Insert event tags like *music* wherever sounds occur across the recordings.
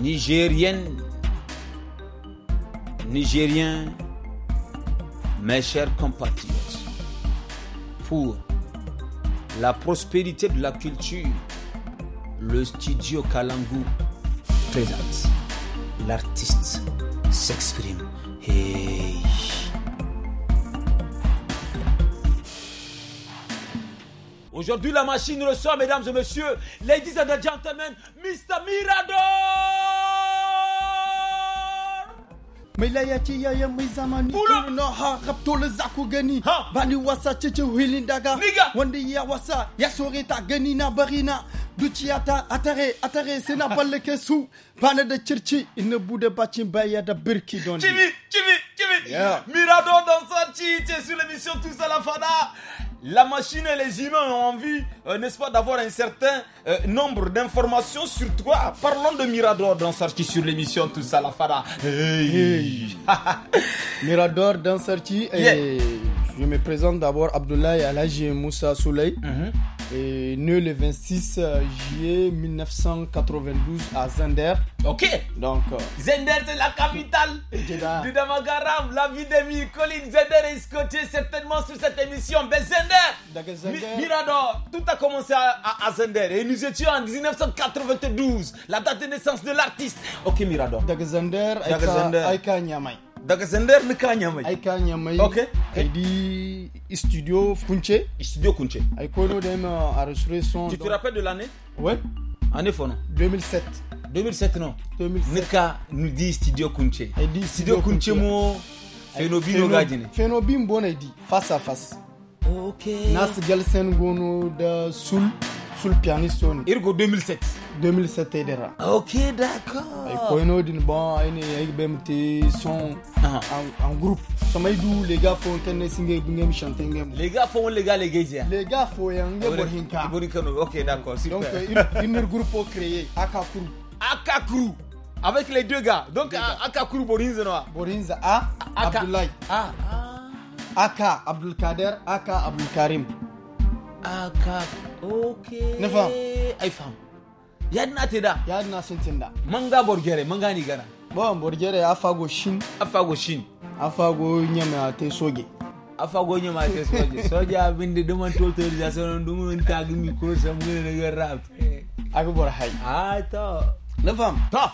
Nigérienne, Nigérien, mes chers compatriotes, pour la prospérité de la culture, le studio Kalangu présente l'artiste s'exprime. Aujourd'hui, la machine reçoit, mesdames et messieurs, ladies and gentlemen, Mr. Mirado Mila ya ti ya ya ha rapto le zaku gani Ha Bani wasa chichi huili ndaga Niga Wandi ya wasa Ya sori ta gani na barina Duchi ya ta atare atare Sena pale kesu Pane de chirchi Ine bude bachin ya da birki doni Chimi chimi chimi Yeah Mirado dansa chichi Sur l'émission tous à la fada la machine et les humains ont envie, euh, n'est-ce pas, d'avoir un certain euh, nombre d'informations sur toi. Parlons de Mirador Dansarchi sur l'émission Tout ça Mirador dans eh, je me présente d'abord Abdoulaye Alagi Moussa Souley. Mhm. Et né le 26 euh, juillet 1992 à Zender. Ok. Donc. Euh, Zender, c'est la capitale du Damagaram, la vie des mille Zender est scotché certainement sur cette émission. Ben, Mais Zender, Mirador, tout a commencé à, Zender. Et nous étions en 1992, la date de naissance de l'artiste. Ok, Mirador. Zender, Aika Nyamai daga zandar ni kanya mai ai kanya mai okay ai di studio kunce studio kunce ai ko no dem euh, a resuré son tu te rappelles de l'année ouais année fono 2007 2007 non 2007 nika nous dit studio kunché. ai di studio kunce mo fenobino gajine fenobin bonai di face à face okay nas galsen gono da sul le pianiste woni irgo 2007 2007 teydata ok d'accord ay koyno din bon ayni ay bemte son ah. en groupe so may du les gars fo kenne singe ngem chanter ngem les gars fo les gars les gars hein. les gars fo yang ngem ok d'accord super donc euh, une groupe au créer. akakuru akakuru avec les deux gars donc akakuru borinza noa borinza a abdoulaye A. Ah, ah. aka abdul kader aka abdul karim aka ok ne fam ay fam yadna te da sun sintin da manga borgere manga ni gana bon borgere afago shin afago shin afago nyama te soge afago nyama te soge *laughs* soge a da duman totori da sanon dumun tagmi ko samgana na garrap akbar hay ah to ne fam to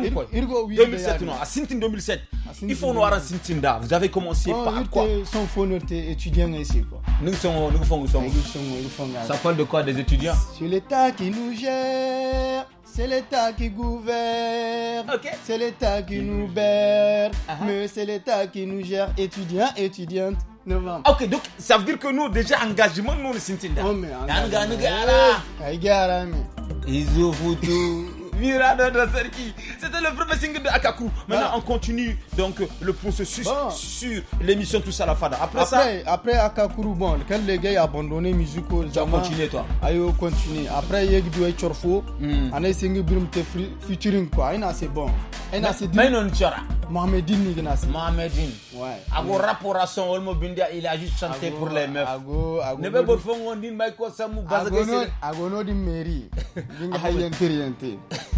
2007 non à sintin 2007 il faut noir à sintin vous avez commencé par quoi son faux t'es étudiant ici quoi nous sommes nous font nous sommes ça parle de quoi des étudiants c'est l'état qui nous gère c'est l'État qui gouverne, c'est l'État qui mm-hmm. nous berce, uh-huh. mais c'est l'État qui nous gère, étudiants, étudiantes. Novembre. Ok, donc ça veut dire que nous, déjà, engagement, nous, on Sintinda. Oh, mais engagement. Ils ouvrent tout. C'était le premier single de Akaku. Maintenant, ah. on continue donc le processus sur l'émission tout à la Après, Akakuru, bon, quand les gars ont abandonné musique j'ai toi. continue. Après, il y a Chorfo. On a featuring quoi. Il c'est bon. Il c'est Mais non, Mohamedine a Mohamedine. Ouais. Ago raporation, Olmo Bindia, il a juste chanté pour les meufs. Ne pas faire un din,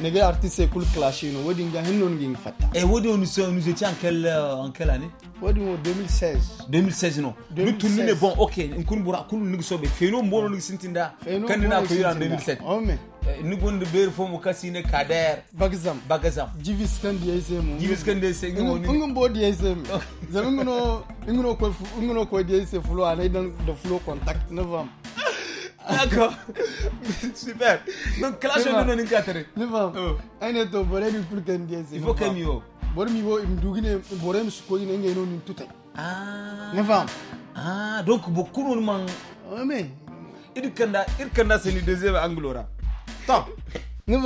Négé artiste c'est cool clashé eh, nous. Wodi fatta. Et wodi nous étions en quelle euh, en quelle année? Wodi 2016. 2016 non. Nous tourne ne bon OK, bons. nous sobe. Feno mbono nous Nous ko en 2007. Oh mais eh, ni ber Nous sommes kasine cadre. bagazam bagazam Divis kan oh, oh, oh. di ese mo kan di bons. nous sommes ngo Nous di nous nous no nous nous ko ngo ko Nous sommes flo contact na D'accord. *laughs* Super. Donc clash je vais quatre. Hein. Ne oh. to Il faut wo non Ah. Ne Ah donc beaucoup Oui, Mais il il c'est le deuxième anglora. Top. Ne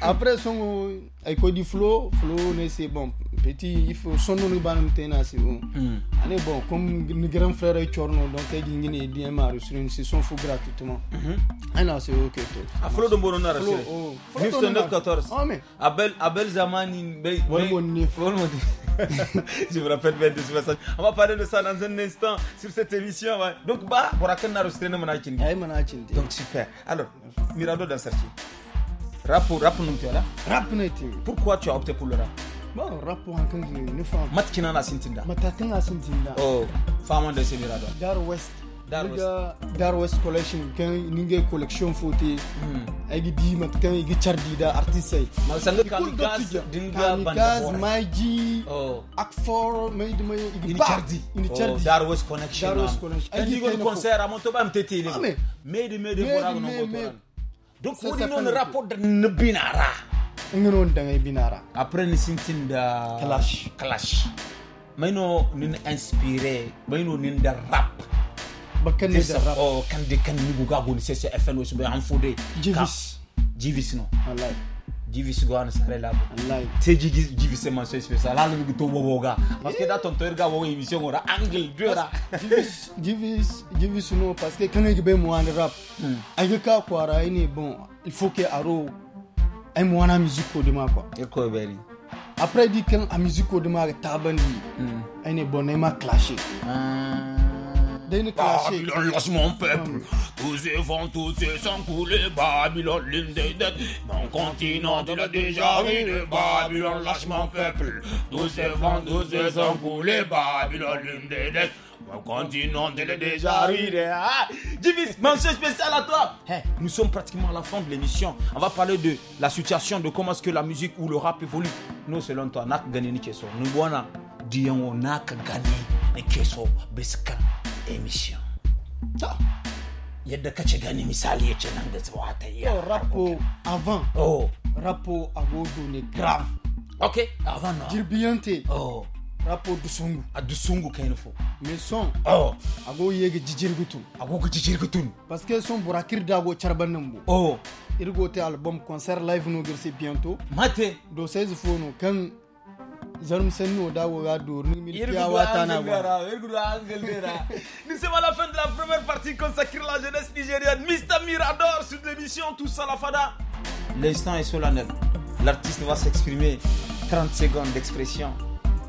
Après son ay euh, du flow flow ne c'est bon petit il faut sonno ni banum tena si bon mais hmm. bon comme le grand frère et chorno donc c'est gingi ni di ma une session fou gratuitement mhm. ah non c'est ok to afro do bono na reçu 1914 oh ah, mais abel abel zamani bay wala mon ni je vous rappelle bien de ce message. On va parler de ça dans un instant sur cette émission. Ouais. Donc, bah, pour la mon na ah mon manachindi. Donc super. Alors, Mirado dans cette rap rap nous tu là. Rap nous Pourquoi tu as opté pour le rap? bon rappo hankan je ne fam matkina na sintinda matatin na sintinda oh faman da semira da dar west dar west dar west collection kan ninge collection foti hmm. agi di mat kan igi chardi da artiste ma sanga kan gas dinga banda gas maji oh akfor maid may igi chardi ini oh, chardi dar west connection dar west connection agi go concert amonto bam tete made made bora no motoran donc woni non rapport de nbinara ngano da ngai binara après ni sintin da clash clash maino nin inspiré maino nin da rap bakan ne da rap oh kan de kan ni buga go ni c'est FN aussi mais en fodé jivis jivis non wallahi jivis go an sare la wallahi te jivis jivis man c'est spécial la le to boboga parce que da ton to erga wo émission ora angle dura jivis jivis jivis non parce que kan ni be mo an rap ay ka kwara ni bon il faut que aro ai mo wana musique de ma quoi Et ko beri après dit qu'un musique de hmm. ma tabandi ai ne bonema clasher ah Babylone kashe Babylon mon peuple hum. Tous ces vents, tous ces sangs coulés Babylone l'une des dettes Mon continent il a déjà ruiné Babylone lâche mon peuple Tous ces vents, tous ces sangs coulés Babylone l'une des dettes mon continent, il a déjà ruiné. Ah, Divis, mention spéciale à toi. Hey, hein, nous sommes pratiquement à la fin de l'émission. On va parler de la situation, de comment est-ce que la musique ou le rap évolue. Nous, selon toi, nak gagné ni keso. Nous, bon, diyon nak gagné ni keso. Beskan. emission to yadda ka ci gani misali ya ce nan da zuwa ta yi oh, rapo oh, avant oh rapo oh, agogo ne grave ok avant no jirbiyante oh rapo dusungu a dusungu kai nufo me son oh ago yege jijirgutun agogo jijirgutun parce que son burakir dago charban nan bo oh irgo te album concert live no gerse bientôt mate do 16 fono kan Ah, ah. *laughs* Nous sommes à la fin de la première partie consacrée à la jeunesse nigérienne. Mr Mirador sur l'émission tout la Fada. L'instant est solennel. L'artiste va s'exprimer. 30 secondes d'expression.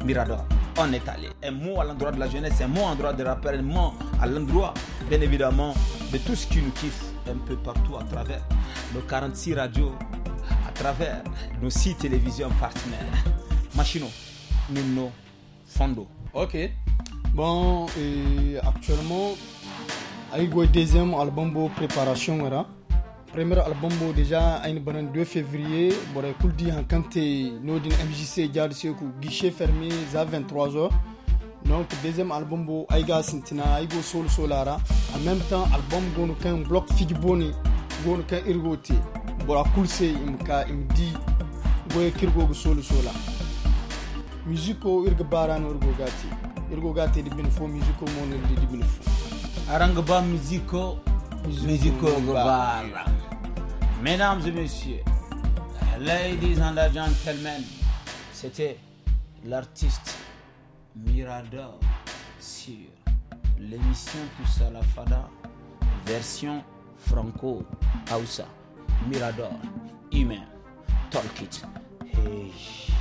Mirador, on est allé. Un mot à l'endroit de la jeunesse, un mot à l'endroit de rappeurs, un mot à l'endroit, bien évidemment, de tout ce qui nous kiffe un peu partout à travers nos 46 radios, à travers nos 6 télévisions partenaires machino Nino, fondo ok bon et actuellement aigo deuxième album bo préparation Le premier album bo déjà une le 2 février bora kuldi a kanté nodin mjc jaad seku guichet fermé à 23h donc deuxième album bo aiga sintina aigo sol solara en même temps album gonu kan block bo a kan irgoti bora kulse imka imdi goye Kirgo solu Solara musico irgbaran Urgogati irgo gati irgo gati di bin musico mon di bin musico musico mesdames et messieurs ladies and gentlemen c'était l'artiste Mirador sur l'émission tout la Fada version franco Hausa Mirador humain Talk it hey